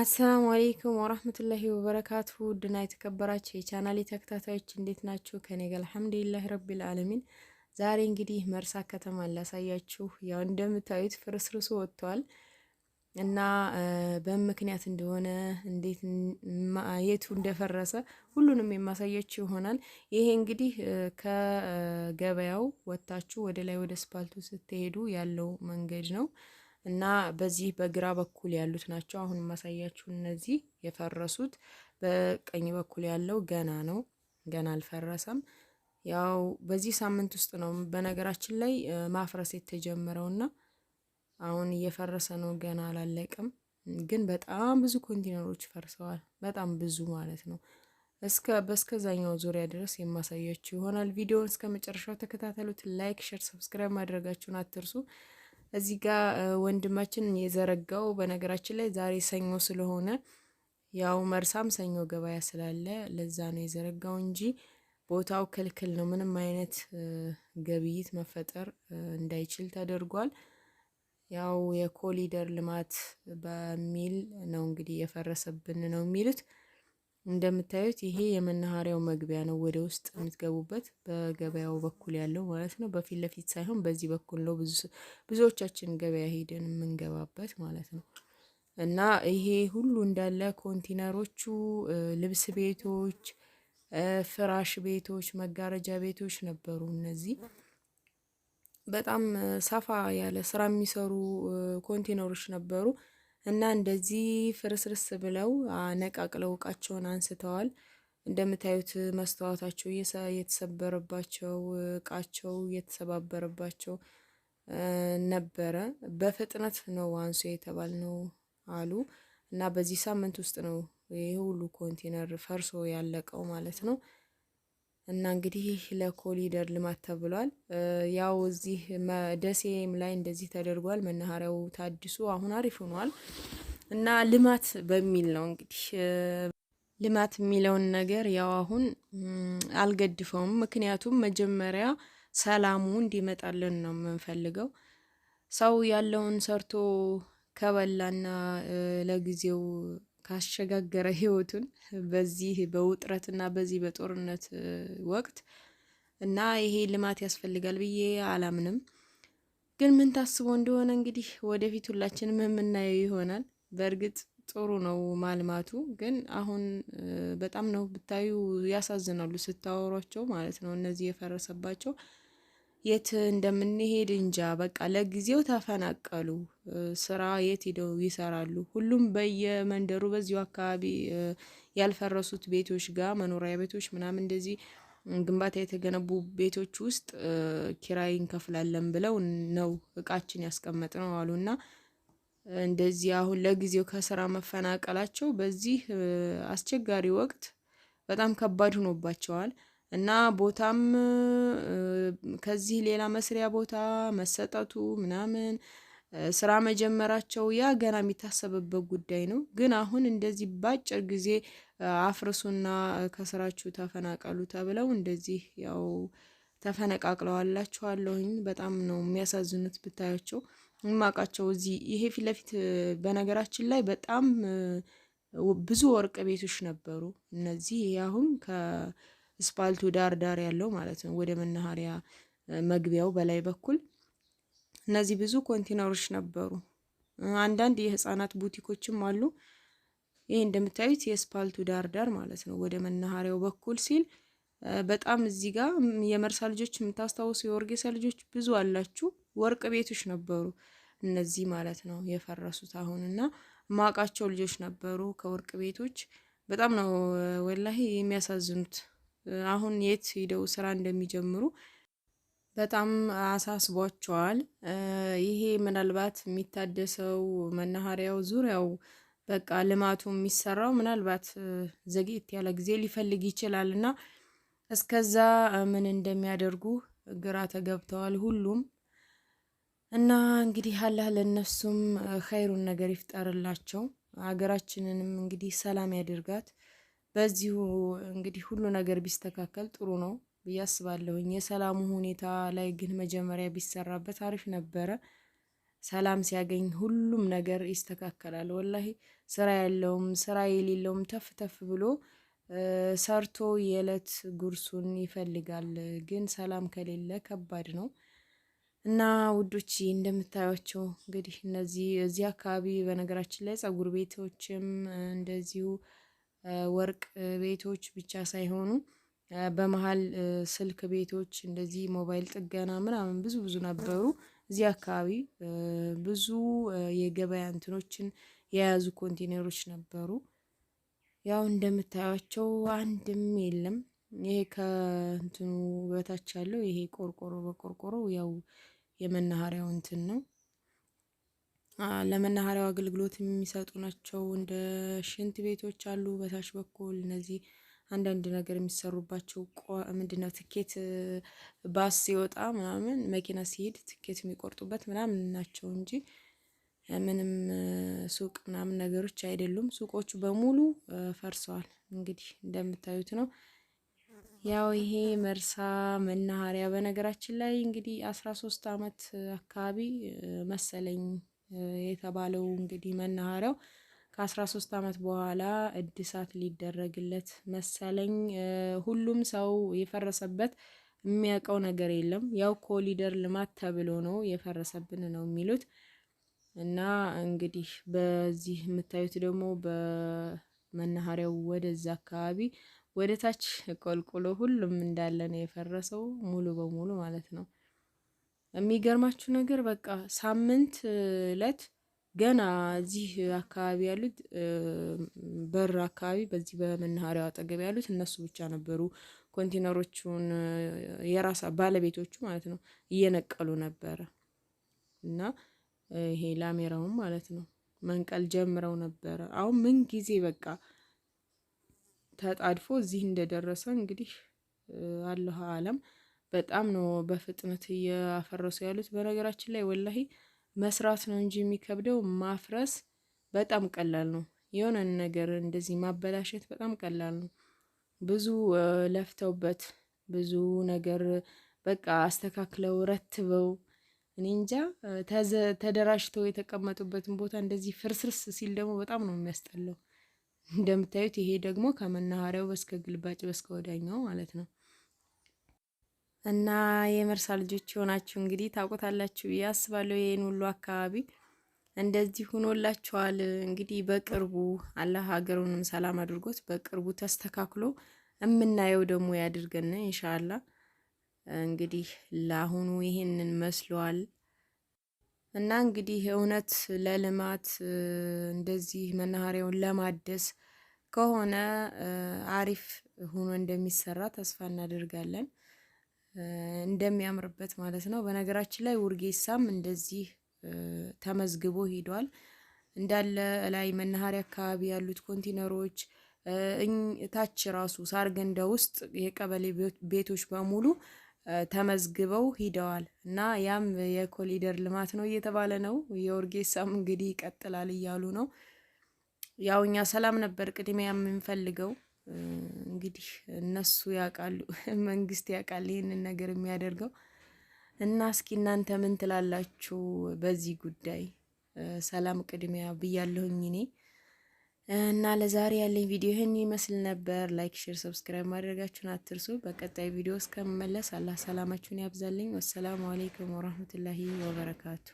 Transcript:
አሰላሙ አሌይኩም ወራህመቱላሂ ወበረካቱ ውድና የተከበራችሁ የቻናሌ ተከታታዮች እንዴት ናችሁ? ከኔ ጋር አልሐምዱሊላህ ረቢል ዓለሚን። ዛሬ እንግዲህ መርሳ ከተማ ላሳያችሁ። ያው እንደምታዩት ፍርስርሱ ወጥቷል እና በምክንያት እንደሆነ እንዴት የቱ እንደፈረሰ ሁሉንም የማሳያችሁ ይሆናል። ይሄ እንግዲህ ከገበያው ወጥታችሁ ወደ ላይ ወደ ስፓልቱ ስትሄዱ ያለው መንገድ ነው። እና በዚህ በግራ በኩል ያሉት ናቸው። አሁን የማሳያችሁ እነዚህ የፈረሱት፣ በቀኝ በኩል ያለው ገና ነው፣ ገና አልፈረሰም። ያው በዚህ ሳምንት ውስጥ ነው በነገራችን ላይ ማፍረስ የተጀመረው እና አሁን እየፈረሰ ነው፣ ገና አላለቀም። ግን በጣም ብዙ ኮንቲነሮች ፈርሰዋል፣ በጣም ብዙ ማለት ነው። እስከ በእስከዛኛው ዙሪያ ድረስ የማሳያችሁ ይሆናል። ቪዲዮውን እስከ መጨረሻው ተከታተሉት። ላይክ፣ ሸር፣ ሰብስክራይብ ማድረጋችሁን አትርሱ። እዚህ ጋር ወንድማችን የዘረጋው በነገራችን ላይ ዛሬ ሰኞ ስለሆነ ያው መርሳም ሰኞ ገበያ ስላለ ለዛ ነው የዘረጋው እንጂ ቦታው ክልክል ነው። ምንም አይነት ግብይት መፈጠር እንዳይችል ተደርጓል። ያው የኮሊደር ልማት በሚል ነው እንግዲህ የፈረሰብን ነው የሚሉት። እንደምታዩት ይሄ የመናኸሪያው መግቢያ ነው። ወደ ውስጥ የምትገቡበት በገበያው በኩል ያለው ማለት ነው። በፊት ለፊት ሳይሆን በዚህ በኩል ነው ብዙዎቻችን ገበያ ሄደን የምንገባበት ማለት ነው። እና ይሄ ሁሉ እንዳለ ኮንቲነሮቹ፣ ልብስ ቤቶች፣ ፍራሽ ቤቶች፣ መጋረጃ ቤቶች ነበሩ። እነዚህ በጣም ሰፋ ያለ ስራ የሚሰሩ ኮንቲነሮች ነበሩ። እና እንደዚህ ፍርስርስ ብለው ነቃቅለው እቃቸውን አንስተዋል። እንደምታዩት መስተዋታቸው የተሰበረባቸው እቃቸው የተሰባበረባቸው ነበረ። በፍጥነት ነው አንሱ የተባል ነው አሉ እና በዚህ ሳምንት ውስጥ ነው ይህ ሁሉ ኮንቴነር ፈርሶ ያለቀው ማለት ነው። እና እንግዲህ ይህ ለኮሊደር ልማት ተብሏል። ያው እዚህ ደሴም ላይ እንደዚህ ተደርጓል። መናኸሪያው ታድሶ አሁን አሪፍ ሆኗል እና ልማት በሚል ነው እንግዲህ ልማት የሚለውን ነገር ያው አሁን አልገድፈውም። ምክንያቱም መጀመሪያ ሰላሙ እንዲመጣልን ነው የምንፈልገው። ሰው ያለውን ሰርቶ ከበላና ለጊዜው ካሸጋገረ ህይወቱን በዚህ በውጥረት እና በዚህ በጦርነት ወቅት እና ይሄ ልማት ያስፈልጋል ብዬ አላምንም። ግን ምን ታስቦ እንደሆነ እንግዲህ ወደፊት ሁላችንም የምናየው ይሆናል። በእርግጥ ጥሩ ነው ማልማቱ፣ ግን አሁን በጣም ነው ብታዩ ያሳዝናሉ ስታወሯቸው ማለት ነው እነዚህ የፈረሰባቸው የት እንደምንሄድ እንጃ። በቃ ለጊዜው ተፈናቀሉ። ስራ የት ሄደው ይሰራሉ? ሁሉም በየመንደሩ በዚሁ አካባቢ ያልፈረሱት ቤቶች ጋር መኖሪያ ቤቶች ምናምን እንደዚህ ግንባታ የተገነቡ ቤቶች ውስጥ ኪራይ እንከፍላለን ብለው ነው እቃችን ያስቀመጥ ነው አሉና እንደዚህ አሁን ለጊዜው ከስራ መፈናቀላቸው በዚህ አስቸጋሪ ወቅት በጣም ከባድ ሆኖባቸዋል። እና ቦታም ከዚህ ሌላ መስሪያ ቦታ መሰጠቱ ምናምን ስራ መጀመራቸው ያ ገና የሚታሰብበት ጉዳይ ነው። ግን አሁን እንደዚህ በአጭር ጊዜ አፍርሱና ከስራችሁ ተፈናቀሉ ተብለው እንደዚህ ያው ተፈነቃቅለዋላችኋለሁኝ። በጣም ነው የሚያሳዝኑት ብታያቸው እማቃቸው እዚህ ይሄ ፊት ለፊት በነገራችን ላይ በጣም ብዙ ወርቅ ቤቶች ነበሩ እነዚህ አሁን ስፓልቱ ዳር ዳር ያለው ማለት ነው ወደ መናኸሪያ መግቢያው በላይ በኩል እነዚህ ብዙ ኮንቴነሮች ነበሩ። አንዳንድ የህፃናት ቡቲኮችም አሉ። ይሄ እንደምታዩት የስፓልቱ ዳር ዳር ማለት ነው ወደ መናኸሪያው በኩል ሲል በጣም እዚህ ጋር የመርሳ ልጆች የምታስታውሱ የወርጌሳ ልጆች ብዙ አላችሁ። ወርቅ ቤቶች ነበሩ እነዚህ ማለት ነው የፈረሱት አሁን እና ማቃቸው ልጆች ነበሩ ከወርቅ ቤቶች በጣም ነው ወላሂ የሚያሳዝኑት። አሁን የት ሄደው ስራ እንደሚጀምሩ በጣም አሳስቧቸዋል። ይሄ ምናልባት የሚታደሰው መናኸሪያው ዙሪያው በቃ ልማቱ የሚሰራው ምናልባት ዘግየት ያለ ጊዜ ሊፈልግ ይችላል እና እስከዛ ምን እንደሚያደርጉ ግራ ተገብተዋል ሁሉም እና እንግዲህ አላህ ለእነሱም ኸይሩን ነገር ይፍጠርላቸው። ሀገራችንንም እንግዲህ ሰላም ያደርጋት። በዚሁ እንግዲህ ሁሉ ነገር ቢስተካከል ጥሩ ነው ብዬ አስባለሁኝ። የሰላሙ ሁኔታ ላይ ግን መጀመሪያ ቢሰራበት አሪፍ ነበረ። ሰላም ሲያገኝ ሁሉም ነገር ይስተካከላል። ወላሂ ስራ ያለውም ስራ የሌለውም ተፍ ተፍ ብሎ ሰርቶ የዕለት ጉርሱን ይፈልጋል። ግን ሰላም ከሌለ ከባድ ነው እና ውዶች እንደምታዩቸው እንግዲህ እነዚህ እዚህ አካባቢ በነገራችን ላይ ጸጉር ቤቶችም እንደዚሁ ወርቅ ቤቶች ብቻ ሳይሆኑ በመሀል ስልክ ቤቶች እንደዚህ ሞባይል ጥገና ምናምን ብዙ ብዙ ነበሩ። እዚህ አካባቢ ብዙ የገበያ እንትኖችን የያዙ ኮንቴነሮች ነበሩ። ያው እንደምታዩቸው አንድም የለም። ይሄ ከእንትኑ በታች ያለው ይሄ ቆርቆሮ በቆርቆሮ ያው የመናኸሪያው እንትን ነው። ለመናኸሪያው አገልግሎት የሚሰጡ ናቸው። እንደ ሽንት ቤቶች አሉ በታች በኩል እነዚህ አንዳንድ ነገር የሚሰሩባቸው ምንድነው ትኬት ባስ ሲወጣ ምናምን መኪና ሲሄድ ትኬት የሚቆርጡበት ምናምን ናቸው እንጂ ምንም ሱቅ ምናምን ነገሮች አይደሉም። ሱቆቹ በሙሉ ፈርሰዋል። እንግዲህ እንደምታዩት ነው። ያው ይሄ መርሳ መናኸሪያ በነገራችን ላይ እንግዲህ አስራ ሶስት አመት አካባቢ መሰለኝ የተባለው እንግዲህ መናኸሪያው ከአስራ ሶስት አመት በኋላ እድሳት ሊደረግለት መሰለኝ። ሁሉም ሰው የፈረሰበት የሚያውቀው ነገር የለም። ያው ኮሊደር ልማት ተብሎ ነው የፈረሰብን ነው የሚሉት እና እንግዲህ በዚህ የምታዩት ደግሞ በመናኸሪያው ወደዛ አካባቢ ወደ ታች ቆልቁሎ ሁሉም እንዳለ ነው የፈረሰው ሙሉ በሙሉ ማለት ነው። የሚገርማችሁ ነገር በቃ ሳምንት እለት ገና እዚህ አካባቢ ያሉት በር አካባቢ በዚህ በመናኸሪያው አጠገብ ያሉት እነሱ ብቻ ነበሩ ኮንቴነሮቹን የራሳ ባለቤቶቹ ማለት ነው እየነቀሉ ነበረ። እና ይሄ ላሜራውም ማለት ነው መንቀል ጀምረው ነበረ። አሁን ምን ጊዜ በቃ ተጣድፎ እዚህ እንደደረሰ እንግዲህ አለሁ አለም በጣም ነው በፍጥነት እያፈረሱ ያሉት። በነገራችን ላይ ወላሂ መስራት ነው እንጂ የሚከብደው ማፍረስ በጣም ቀላል ነው። የሆነን ነገር እንደዚህ ማበላሸት በጣም ቀላል ነው። ብዙ ለፍተውበት ብዙ ነገር በቃ አስተካክለው ረትበው እኔ እንጃ ተደራጅተው የተቀመጡበትን ቦታ እንደዚህ ፍርስርስ ሲል ደግሞ በጣም ነው የሚያስጠላው። እንደምታዩት ይሄ ደግሞ ከመናኸሪያው በስከ ግልባጭ በስከ ወዳኛው ማለት ነው። እና የመርሳ ልጆች የሆናችሁ እንግዲህ ታውቁታላችሁ ብዬ አስባለሁ። ይህን ሁሉ አካባቢ እንደዚህ ሆኖላችኋል። እንግዲህ በቅርቡ አላህ ሀገሩንም ሰላም አድርጎት በቅርቡ ተስተካክሎ የምናየው ደግሞ ያድርገን እንሻላ እንግዲህ ለአሁኑ ይሄንን መስሏል እና እንግዲህ እውነት ለልማት እንደዚህ መናኸሪያውን ለማደስ ከሆነ አሪፍ ሆኖ እንደሚሰራ ተስፋ እናደርጋለን። እንደሚያምርበት ማለት ነው። በነገራችን ላይ ውርጌሳም እንደዚህ ተመዝግቦ ሄዷል። እንዳለ ላይ መናኸሪያ አካባቢ ያሉት ኮንቲነሮች ታች ራሱ ሳርገንዳ ውስጥ የቀበሌ ቤቶች በሙሉ ተመዝግበው ሂደዋል እና ያም የኮሊደር ልማት ነው እየተባለ ነው። የኦርጌሳም እንግዲህ ይቀጥላል እያሉ ነው። ያው እኛ ሰላም ነበር ቅድሚያ የምንፈልገው። እንግዲህ እነሱ ያውቃሉ፣ መንግስት ያውቃል ይህንን ነገር የሚያደርገው እና እስኪ እናንተ ምን ትላላችሁ በዚህ ጉዳይ? ሰላም ቅድሚያ ብያለሁኝ እኔ እና ለዛሬ ያለኝ ቪዲዮ ይህን ይመስል ነበር። ላይክ፣ ሼር፣ ሰብስክራይብ ማድረጋችሁን አትርሱ። በቀጣይ ቪዲዮ እስከምመለስ አላህ ሰላማችሁን ያብዛልኝ። ወሰላሙ አሌይኩም ወረህመቱላሂ ወበረካቱ።